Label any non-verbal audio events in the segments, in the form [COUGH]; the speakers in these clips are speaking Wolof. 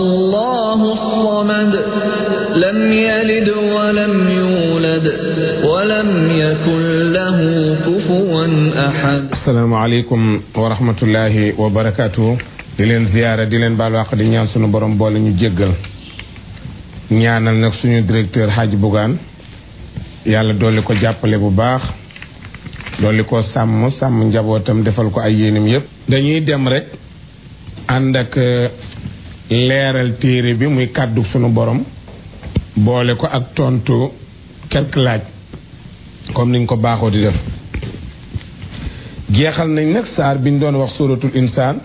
الله الصمد لم يلد ولم يولد ولم يكن له كفوا أحد السلام عليكم ورحمة الله وبركاته di leen ziyaara di leen baal wax di ñaan sunu borom boole ñu jéggal ñaanal nag suñu directeur Hadj Bougane yàlla dolli ko jàppale bu baax dolli ko sàmm sàmm njabootam defal ko ay yéenam yépp dañuy dem rek ànd ak leeral téere bi muy kàddu sunu borom boole ko ak tontu quelques laaj comme niñ ko baaxoo di def jeexal nañ nag saar bi biñ doon wax suratul insaan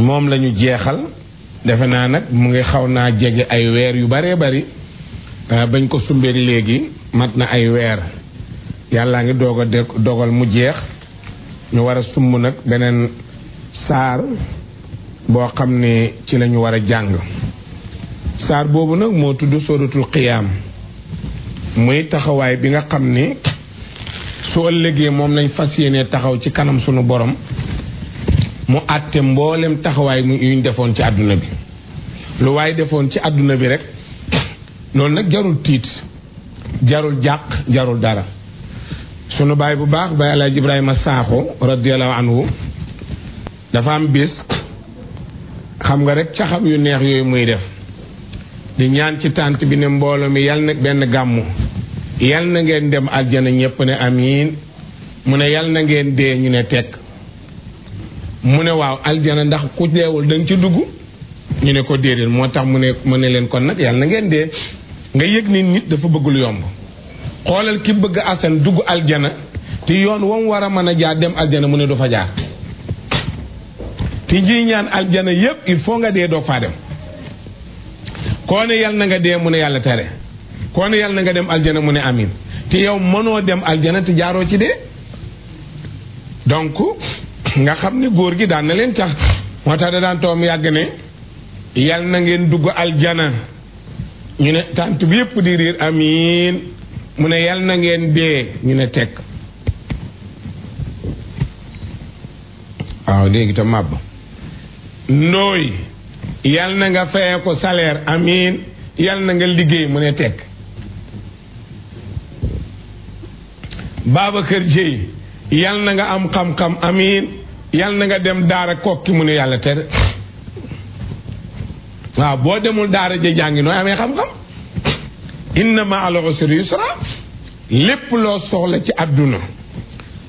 moom lañu jeexal defe naa nag mu ngi xaw naa jege ay weer yu baree bari ah, bañ ko sumbeek léegi mat na ay weer yàllaa ngi doog dogal mu jeex ñu war a sumb nag beneen saar boo xam ne ci lañu war a jàng saar boobu nag moo tudd sóoratul qiyaam muy taxawaay bi nga xam ni su ëllëgee moom lañ fas yéene taxaw ci kanam sunu borom mu àtte mboolem taxawaay yuñ defoon ci àdduna bi lu waaye defoon ci àdduna bi rek loolu nag jarul tiit jarul jàq jarul dara sunu baay bu baax baay alaaj ibrahima saaxo radiallahu anhu dafa am bis xam nga rek caxam yu neex yooyu muy def di ñaan ci tànt bi ne mbooloo mi yal na benn gàmmu yal na ngeen dem aljana ñépp ne amiin mu ne yal na ngeen dee ñu ne tekk mu ne waaw aljana ndax ku deewul dañ ci dugg ñu ne ko déedéet moo tax mu ne mu ne leen kon nag yàlla na ngeen dee nga yëg ni nit dafa bëggul yomb xoolal ki bëgg asan dugg aljana te yoon wam war a mën a jaar dem aljana mu ne du fa jaar i ñuy ñaan aljana yépp il faut nga dee doog faa dem koo ne yal na nga dee mu ne yàlla tere koo ne yal na nga dem aljana mu ne amin te yow mënoo dem aljana te jaaroo ci dee donc nga xam ne góor gi daan na leen tax moo tax da daan toom yàgg ne yal na ngeen dugg aljana ñu ne tant bi yépp di riir amin mu ne yal na ngeen dee ñu ne tekk waaw léegi te màbb ndooy yal na nga feye ko salaire amiin yal na nga liggéey mu ne tekk Babacar Jéy yal na nga am xam-xam amiin yal na nga dem daara kokki mu ne yàlla tere waaw boo demul daara ja jàngi nooy amee xam-xam inna ma al usri lépp loo soxla ci àdduna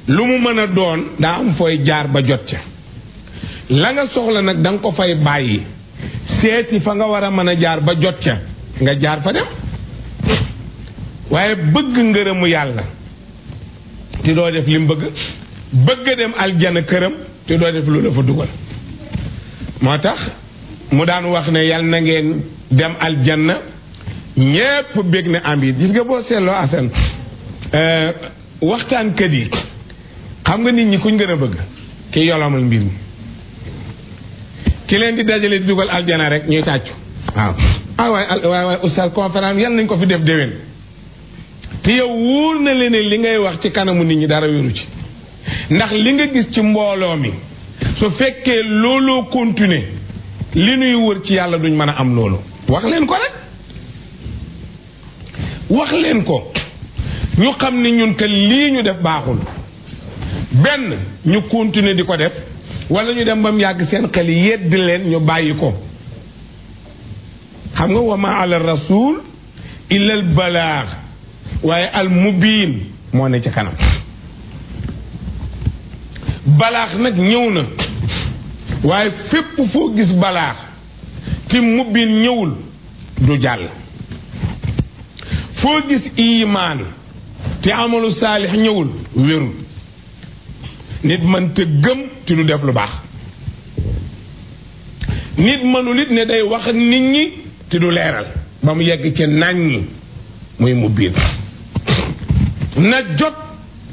lu mu mën a doon daa am fooy jaar ba jot ca la nga soxla nag danga nga ko fay bàyyi seeti fa nga war a mën a jaar ba jot ca nga jaar fa dem waaye bëgg ngërëmu yàlla te doo def lim bëgg bëgg dem aljana këram te doo def lu fa dugal moo tax mu daan wax ne yal na ngeen dem aljanna ñépp bég ne am yi gis nga boo seetloo asan euh, waxtaankat yi xam nga nit ñi kuñ gën a bëgg ki yoloomal mbir mi ki leen di dajale di dugal aljana rek ñuy tàccu waaw ah waay waaye waaye oustaz conférence yal nañ ko fi def déwén te yow wóor na leen li ngay wax ci kanamu nit ñi dara wéru ci ndax li nga gis ci mbooloo mi su fekkee looloo continuer li nuy wër ci yàlla duñ mën a am loolu wax leen ko rek wax leen ko ñu xam ni ñun que lii ñu def baaxul benn ñu continuer di ko def wala ñu dem ba mu yàgg seen xel yedd leen ñu bàyyi ko xam nga wa ma ala rasul illa al balaax waaye al mubiin moo ne ci kanam balaax nag ñëw na waaye fépp foo gis balaax ci mubiin ñëwul du jàll foo gis imaan te amalu saalix ñëwul wérul nit mënta gëm te du def lu baax nit mënul it ne day wax nit ñi te du leeral ba mu yegg ci nañ ñi muy mu biir na jot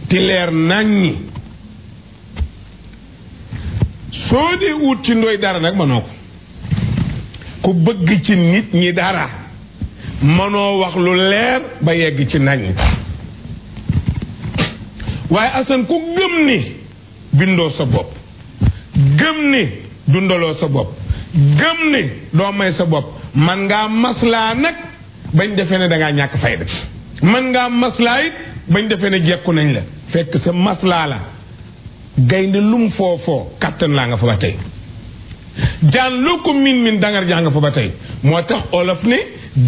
ti leer nañ ñi soo dee wut ci ndoy dara nag mënoo ko ku bëgg ci nit ñi dara mënoo wax lu leer ba yegg ci nañ waaye asan ku gëm ni bindoo sa bopp gëm ni dundaloo sa bopp gëm ni doo may sa bopp man ngaa maslaa nag bañ defee ne dangaa ñàkk fayda man ngaa maslaa it bañ defee ne jekku nañ la fekk sa maslaa la gaynde lum foofoo kàttan laa nga fa ba tey jaan loo ko min min dangar jaa nga fa ba tey moo tax olof ne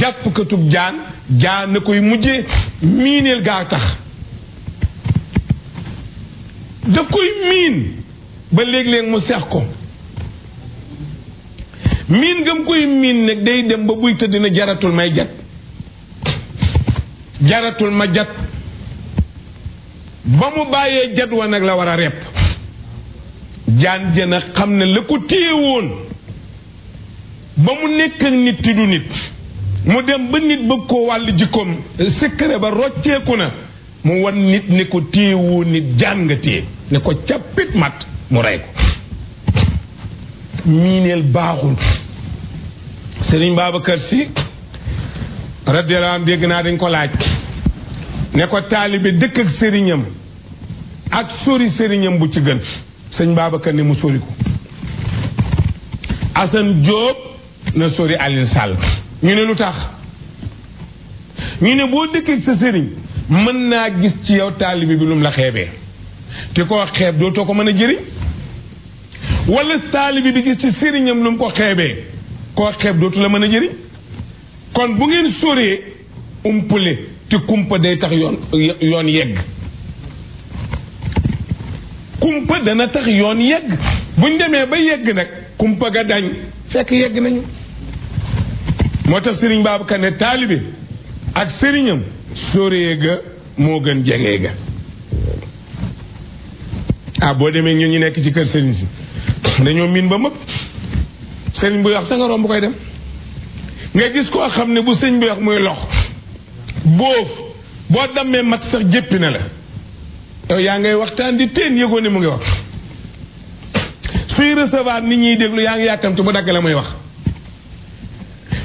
jàppkatub jaan jaan na koy mujjee miineel gaa tax da koy miin ba léeg-léeg mu seex ko miin ngam koy miin nag day dem ba buy tëdd na jaratul may jat jaratul ma jat ba mu bàyyee jat wa nag la war a repp jaan jëna xam ne la ko téye woon ba mu nekk ak nit ti du nit mu dem ba nit bëgg koo wàll jikkoom secret ba rocceeku na mu wan nit ne ko téye woon nit jaan nga téye ne ko cappit mat mu rey ko miineel baaxul sëriñ Babacar Si radiyallahu dégg naa dañ ko laaj ne ko taalibe dëkk ak sëriñam ak sori sëriñam bu ci gën sëñ Babacar ne mu sori ko Assane Diop na sori Alioune Sall ñu ne lu tax ñu ne boo dëkk ak sa sëriñ mën naa gis ci yow taalibe bi lu mu la xeebee ki koo xeeb dootoo ko mën a jëriñ wala taalibi bi ci sëriñam lu mu ko xeebee koo xeeb dootu la mën a jëriñ kon bu ngeen sóoree umpule te kumpa day tax yoon yoon yegg kumpa dana tax yoon yegg buñ demee ba yegg nag kumpa ga dañ fekk yegg nañu moo tax sëriñ Babacar ne taalibi ak sëriñam sóoree ga moo gën jege ga ah boo demee ñun ñu nekk ci kër sëriñ si dañoo miin ba mëpp sëriñ bu wax sa nga romb koy dem nga gis koo xam ne bu sëñ buy wax muy lox boof boo dammee mat sax jéppi na la yow yaa ngay waxtaan di teen mu ngi wax suy ñuy déglu yaa ngi yàkkamti bu dagg la muy wax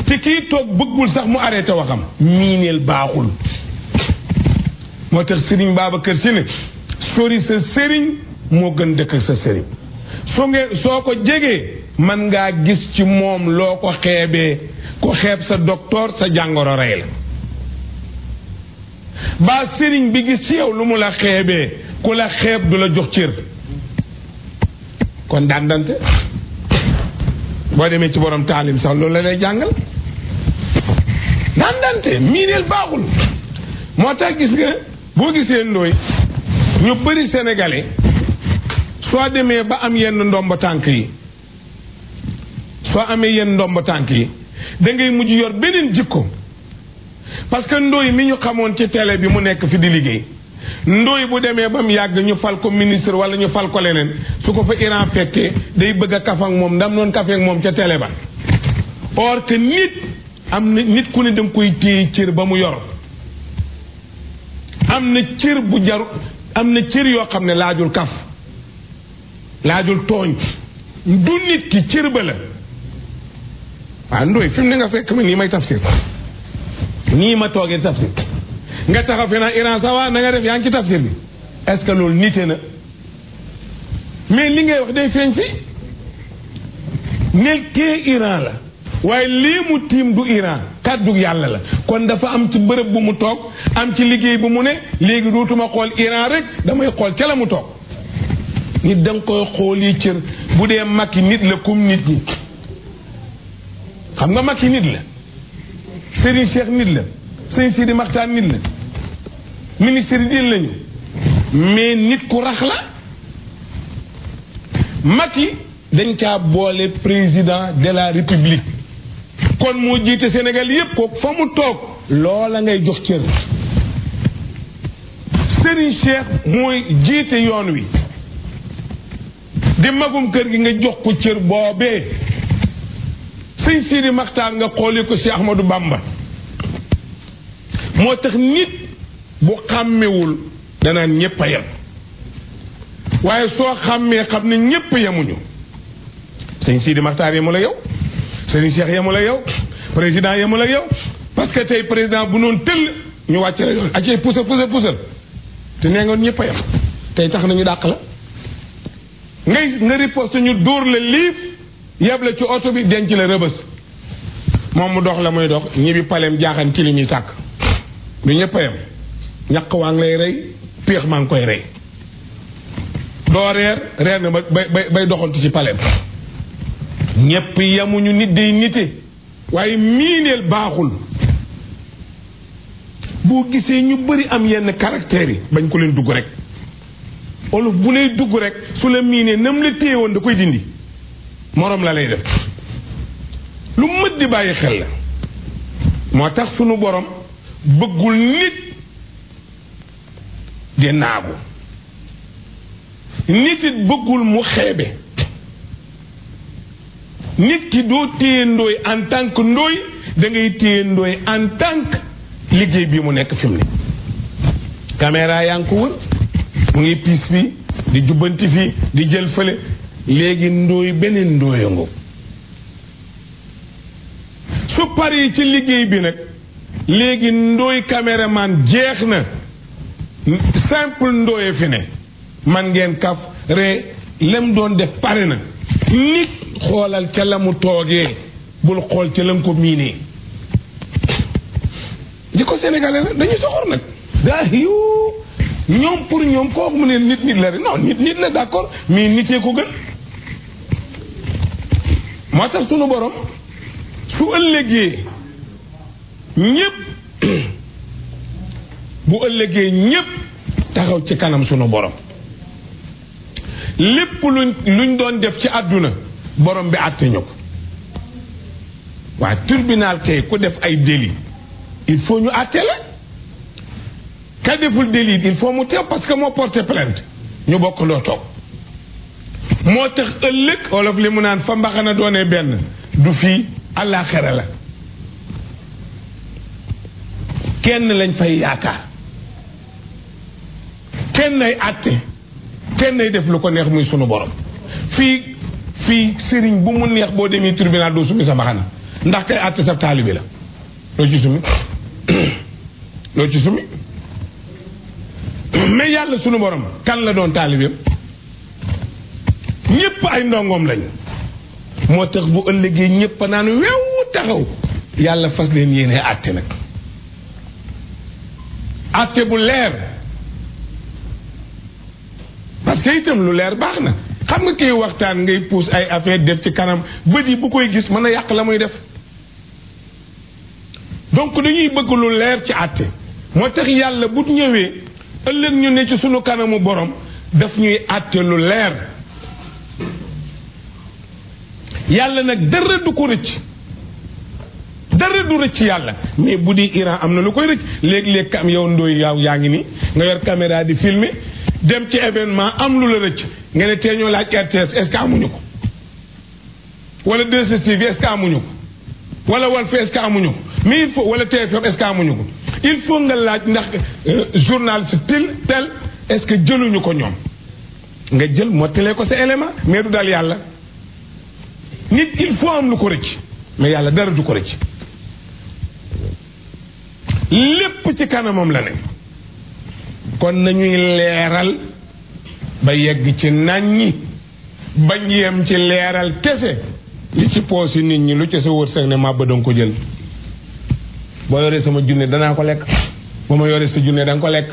te kii toog bëggul sax mu arrêté waxam miineel baaxul moo tax sëriñ Babacar Si ne sori sa sëriñ moo gën dëkk sa sëriñ su ngeen soo ko jegee man ngaa gis ci moom loo ko xeebee ko xeeb sa docteur sa jàngoro rey la baa sëriñ bi gis ci yow lu mu la xeebee ku la xeeb du la jox cër kon dàndante boo demee ci borom taalim sax loolu la lay jàngal dàndante miineel baaxul moo tax gis nga boo gisee ndooy ñu bëri sénégalais soo demee ba am yenn ndomba tànk yi soo amee yenn ndomba tànk yi da ngay mujj yor beneen jikko parce que ndóoy mi ñu xamoon ci télé bi mu nekk fi di liggéey ndóoy bu demee ba mu yàgg ñu fal ko ministre wala ñu fal ko leneen su ko fa Iran fekkee day bëgg a kafak moom ndam noon kafeek moom ca télé ba or que nit am na nit ku ne danga koy téye cër ba mu yor am na cër bu jaru am na cër yoo xam ne laajul kaf laajul tooñ du nit ki cër ba la waaw ndoy fi mu ne nga fekk ma nii may tafsir nii ma toogee tafsir nga taxaw fi naan Iran sax waa na nga def yaa ngi ci tafsir bi est-ce que loolu nite na mais li ngay wax day feeñ fi nekkee Iran la waaye lii mu tiim du Iran kàddu yàlla la kon dafa am ci bërëb bu mu toog am ci liggéey bu mu ne léegi dootuma xool Iran rek damay xool ca la mu toog nit da nga koy xooli cër bu dee Macky nit la kum nit ñi xam nga mag Macky nit la Serigne Cheikh nit la Serigne Sidi Maxtaan nit la ministre yi lañu mais nit ku rax la yi dañ caa boole président de la république kon moo jiite Sénégal yépp kooku fa mu toog loola ngay jox cër Serigne Cheikh mooy jiite yoon wi di magum kër gi nga jox ko cër boobee sëñ Sidi Maxtaar nga xoolee ko si Ahmadou Bamba moo tax nit bu xàmmewul danaan ñépp a yem waaye soo xàmmee xam ne ñépp yemuñu sëñ Sidi Maxtaar yemul ak yow sëñ Cheikh yemul ak yow président yemul ak yow parce que tey président bu noonu tëll ñu wàcc la yoon pousse te nee ngoon tax nañu dàq la nga nga su ñu dóor la liif yeb la ci oto bi denc la rëbës moom mu dox la muy dox ñibbi paleem jaaxan ci li muy sàkk du ñëpp yam ñaq waa ngi lay maa ngi koy rey doo reer reer na ba bay bay yamuñu nit day nite waaye miineel baaxul boo gisee ñu bari am yenn caractères yi bañ ko leen dugg rek olof bu lay dugg rek su la miinee nam la téye woon da koy dindi moroom la lay def lu mët di bàyyi xel la moo tax sunu borom bëggul nit di naagu nit it bëggul mu xeebe nit ki doo téye ndooy en tànk que ndooy da ngay téye ndooy en tànk liggéey bi mu nekk fi mu ne caméra ko wër mu ngi piis fi di jubbanti fi di jël fële léegi ndóoy beneen ndóoya ngo su paree ci liggéey bi nag léegi ndóoy caméraman jeex na simple ndóoya fi ne man ngeen kaf ree lem doon def pare na nit xoolal ca la mu toogee bul xool ca la ko miinee di ko sénégalais la dañuy soxor nag daa hiw ñoom pour ñoom kooku mu ne nit nit la rek non nit nit la d'accord mais nitee ko gën moo tax sunu borom su ëllëgee ñëpp [CLEARS THROAT] bu ëllëgee ñëpp taxaw ci kanam sunu borom lépp luñ luñ doon def ci àdduna borom bi àtte ñu ko waa tribunal kay ku def ay délit il faut ñu àtte la ka deful délit il faut mu teew parce que moo porté plainte ñu bokk loo toog moo tax ëllëg olof li mu naan fa mbaxana doonee benn du fii àllaaxira la kenn lañ fay yaakaar kenn ay àtte kenn ay def lu ko neex muy sunu borom fii fii sëriñ bu mu neex boo demee tribunal doo sumi sa mbaxana ndax kay àtte sa taalibi la loo ci sumi [COUGHS] loo ci sumi mais yàlla sunu borom kan la doon taalibeem ñépp ay ndongoom lañu moo tax bu ëllëgee ñépp naan wew taxaw yàlla fas leen yéene àtte nag àtte bu leer parce que itam lu leer baax na xam nga kii waxtaan ngay puus ay affaire def ci kanam bët yi bu koy gis mën a yàq la muy def donc dañuy bëgg lu leer ci àtte moo tax yàlla bu ñëwee ëllëg ñu ne ci sunu kanamu borom daf ñuy àtte lu leer yàlla nag dara du ko rëcc dara du rëcc yàlla mais bu dee Iran am na lu koy rëcc léeg-léeg kam yow ndooy yaaw yaa ngi nii nga yor caméra di filmé dem ci événement am lu la rëcc nga ne tee ñoo laaj RTS est-ce que amuñu ko wala 2 est-ce que amuñu ko wala wal fi est-ce que amuñu ko mais il faut wala TFM est-ce que amuñu ko il faut nga laaj ndax euh, journaliste tel tel est-ce que jëluñu ko ñoom nga jël mottalee ko sa élément mais du dal yàlla nit il faut am lu ko rëcc mais yàlla dara du ko rëcc lépp ci kanamam la ne kon nañuy leeral ba yegg ci nàññi bañ yem ci leeral kese li ci poosi nit ñi lu ci sa wërsëg ne ba danga ko jël boo yoree sama junne danaa ko lekk boo ma yoree sa junne da nga ko lekk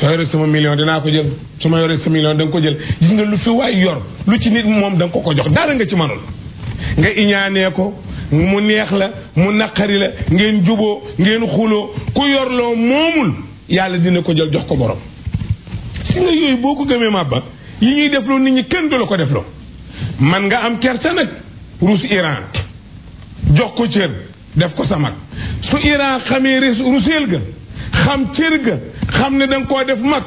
soo yoree sama million danaa ko jël su ma yoree sa million da nga ko jël gis nga lu fi waay yor lu ci nit moom danga ko ko jox dara nga ci manul nga iñaanee ko mu neex la mu naqari la ngeen juboo ngeen xuloo ku loo moomul yàlla dina ko jël jox ko borom si nga yooyu boo ko gëmee màbba yi ñuy defloo nit ñi kenn du la ko defloo man nga am kersa nag ruus Iran jox ko cër def ko sa mag su Iran xamee ruseel ga xam cër ga xam ne da koo def mag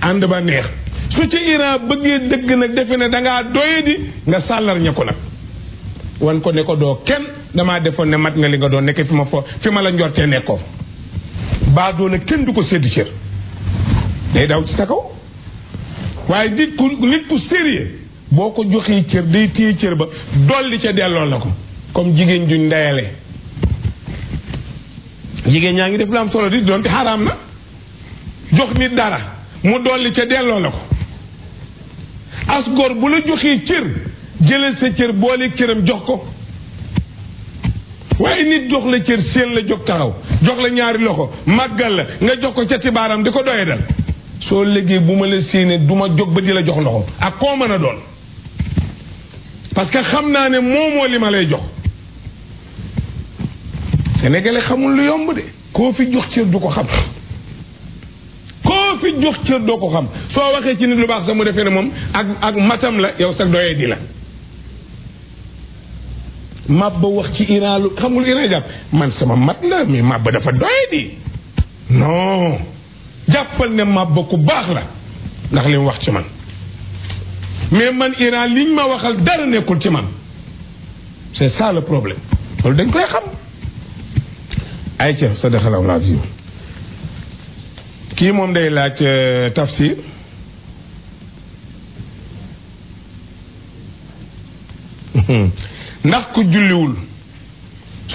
ànd ba neex su ci Iran bëggee dëgg nag defe ne da ngaa di nga sàllar ko nag wan ko ne ko doo kenn dama defoon ne mat nga li nga doon nekk fi ma fo fi ma la njortee nekkoo baa doole kenn du ko séddi cër day daw ci sa kaw waaye nit ku nit boo ko joxee cër day téye cër ba dolli ca delloo la ko comme jigéen juñ ndayale jigéen ñaa ngi def lu am solo di doon te xaraam na jox nit dara mu dolli ca delloo la ko as góor bu la joxee cër jëlal sa cër boole cëram jox ko waaye nit jox la cër seen la jóg taxaw jox la ñaari loxo màggal la nga jox ko ca tibaaram di ko doye dal soo léegi bu ma la séenee du ma jóg ba di la jox loxo ak koo mën a doon parce que xam naa ne moomoo li ma lay jox sénégalais xamul lu yomb de koo fi jox cër du ko xam koo fi jox cër doo ko xam soo waxee ci nit lu baax sax mu defee ne moom ak ak matam la yow sax doyee di la mabba wax ci Iran xamul Iran jàpp man sama mat la mais mabba dafa doyee di non jàppal ne mabba ku baax la ndax li wax ci man mais man Iran liñ ma waxal dara nekkul ci man c'est ça le problème loolu dañ koy xam ay ca sadaqallaahu l-aziim kii moom day laaj euh, tafsir [LAUGHS] ndax ku julliwul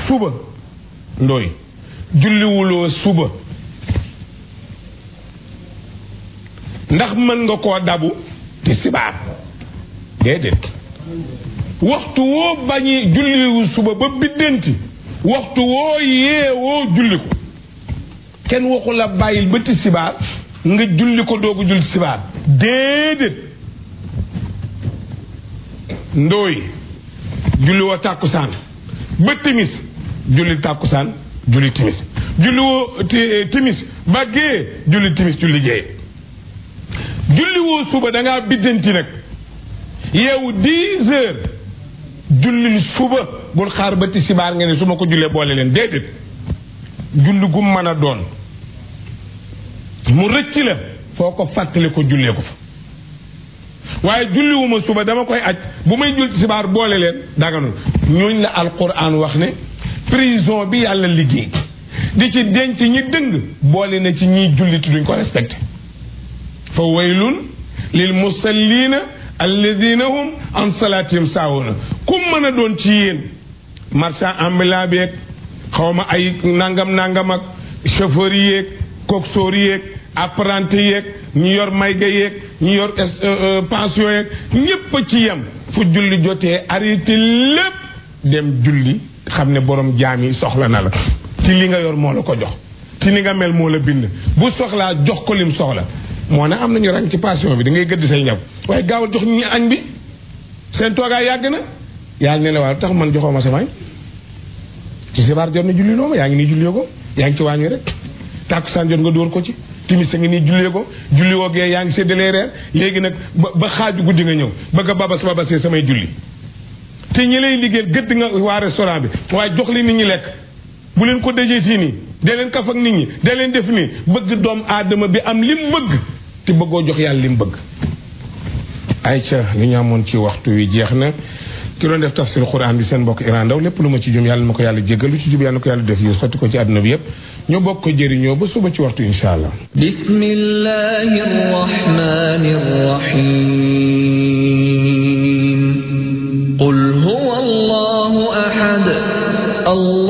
suba ndooy julliwuloo suba ndax mën nga koo dabu te sibaar déedéet waxtu woo bañi julliwu suba ba biddanti waxtu woo yee woo julli ko kenn waxu la bàyyil ba tisbaar nga julli ko doogu julli tisbaar déedéet ndooy julli woo tàkkusaan ba timis julli tàkkusaan julli timis julli woo eh, timis ba julli timis julli gée julli woo suba da biddanti nag yow 10 heures jullil suba bul xaar ba tisbaar nga ne su ma ko jullee boole leen déedéet julli gum mën a doon mu rëcc la foo ko fàttali ko jullee ko fa waaye julliwuma suba dama koy aj bu may jul tisbaar boole leen daganul ñooñ la alquran wax ne prison bi yàlla liggéey di ci denc ñi dëng boole na ci ñiy jullit duñ ko respecté fa waylun lil musallina alladina hum an salaatihim saawuna kum mën a doon ci yéen marchand ambulant beeg xaw ma ay nangam nangam ak chauffeur yeeg coxeur yeeg apprenti yeeg ñu yor mayga yeeg ñu yor euh, euh, pension yeeg ñépp a ci yem fu julli jotee arrêté lépp dem julli xam ne borom jaam yi soxla na la ci li nga yor moo la ko jox ci li nga mel moo la bind bu soxlaa jox ko lim soxla moo am nañu rang ci passion bi da ngay gëdd say ñam waaye gaawal jox ñi añ bi seen toogaay yàgg na yàlla ne la waaw tax man joxoo ma sama añ ci sibaar jot na julli loo ma yaa ngi nii julli ko yaa ngi ci waañ wi rek tàkkusaan jot nga dóor ko ci timis sa ngi nii jullee ko julli woo gee yaa ngi séddalee reer léegi nag ba xaaju guddi nga ñëw bëgg a babas babasee samay julli te ñi lay liggéeyal gëdd nga waa restaurant bi waaye jox li nit ñi lekk bu leen ko dëjee sii nii da leen kaf ak nit ñi da leen def nii bëgg doom aadama bi am lim bëgg te bëggo jox yàlla lim bëgg ay ca li ñu amoon ci waxtu wi jeexna na ki doon def tafsir quran bi seen bokk Iran daw lépp lu ma ci jum yàlla mako yàlla jéggal lu ci jub yàlla ko yàlla def yu sotti ko ci aduna bi yépp ñu bokk ko jëriñoo ba suba ci waxtu inshallah bismillahir rahmanir rahim qul huwa allahu ahad